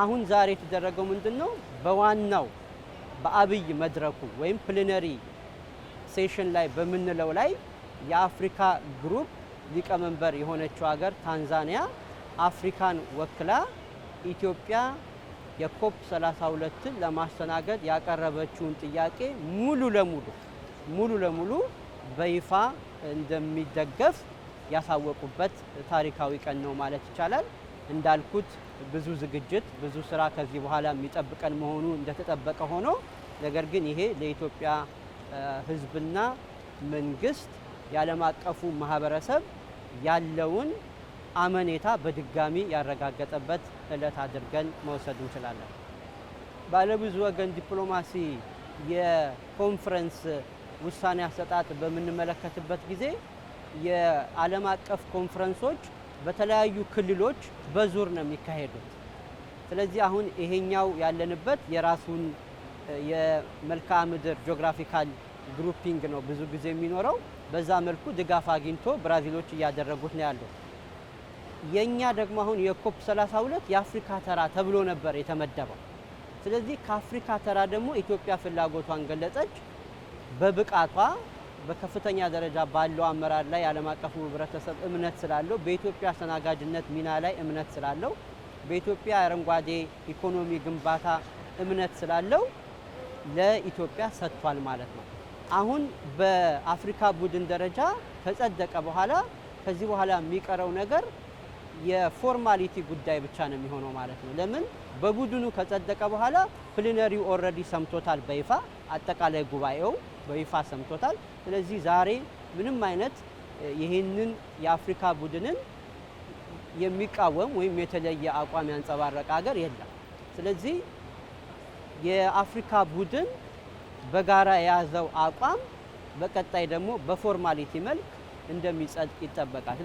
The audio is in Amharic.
አሁን ዛሬ የተደረገው ምንድን ነው? በዋናው በአብይ መድረኩ ወይም ፕሊነሪ ሴሽን ላይ በምንለው ላይ የአፍሪካ ግሩፕ ሊቀመንበር የሆነችው ሀገር ታንዛኒያ አፍሪካን ወክላ ኢትዮጵያ የኮፕ 32ን ለማስተናገድ ያቀረበችውን ጥያቄ ሙሉ ለሙሉ ሙሉ ለሙሉ በይፋ እንደሚደገፍ ያሳወቁበት ታሪካዊ ቀን ነው ማለት ይቻላል። እንዳልኩት ብዙ ዝግጅት፣ ብዙ ስራ ከዚህ በኋላ የሚጠብቀን መሆኑ እንደተጠበቀ ሆኖ ነገር ግን ይሄ ለኢትዮጵያ ህዝብና መንግስት የዓለም አቀፉ ማህበረሰብ ያለውን አመኔታ በድጋሚ ያረጋገጠበት እለት አድርገን መውሰድ እንችላለን። ባለብዙ ወገን ዲፕሎማሲ የኮንፈረንስ ውሳኔ አሰጣጥ በምንመለከትበት ጊዜ የዓለም አቀፍ ኮንፈረንሶች በተለያዩ ክልሎች በዙር ነው የሚካሄዱት። ስለዚህ አሁን ይሄኛው ያለንበት የራሱን የመልክዓ ምድር ጂኦግራፊካል ግሩፒንግ ነው ብዙ ጊዜ የሚኖረው። በዛ መልኩ ድጋፍ አግኝቶ ብራዚሎች እያደረጉት ነው ያለው። የእኛ ደግሞ አሁን የኮፕ 32 የአፍሪካ ተራ ተብሎ ነበር የተመደበው። ስለዚህ ከአፍሪካ ተራ ደግሞ ኢትዮጵያ ፍላጎቷን ገለጸች በብቃቷ በከፍተኛ ደረጃ ባለው አመራር ላይ ዓለም አቀፉ ህብረተሰብ እምነት ስላለው በኢትዮጵያ አስተናጋጅነት ሚና ላይ እምነት ስላለው በኢትዮጵያ አረንጓዴ ኢኮኖሚ ግንባታ እምነት ስላለው ለኢትዮጵያ ሰጥቷል ማለት ነው። አሁን በአፍሪካ ቡድን ደረጃ ከጸደቀ በኋላ ከዚህ በኋላ የሚቀረው ነገር የፎርማሊቲ ጉዳይ ብቻ ነው የሚሆነው ማለት ነው። ለምን በቡድኑ ከጸደቀ በኋላ ፕሊነሪው ኦልሬዲ ሰምቶታል በይፋ አጠቃላይ ጉባኤው በይፋ ሰምቶታል። ስለዚህ ዛሬ ምንም አይነት ይህንን የአፍሪካ ቡድንን የሚቃወም ወይም የተለየ አቋም ያንጸባረቀ ሀገር የለም። ስለዚህ የአፍሪካ ቡድን በጋራ የያዘው አቋም በቀጣይ ደግሞ በፎርማሊቲ መልክ እንደሚጸድቅ ይጠበቃል።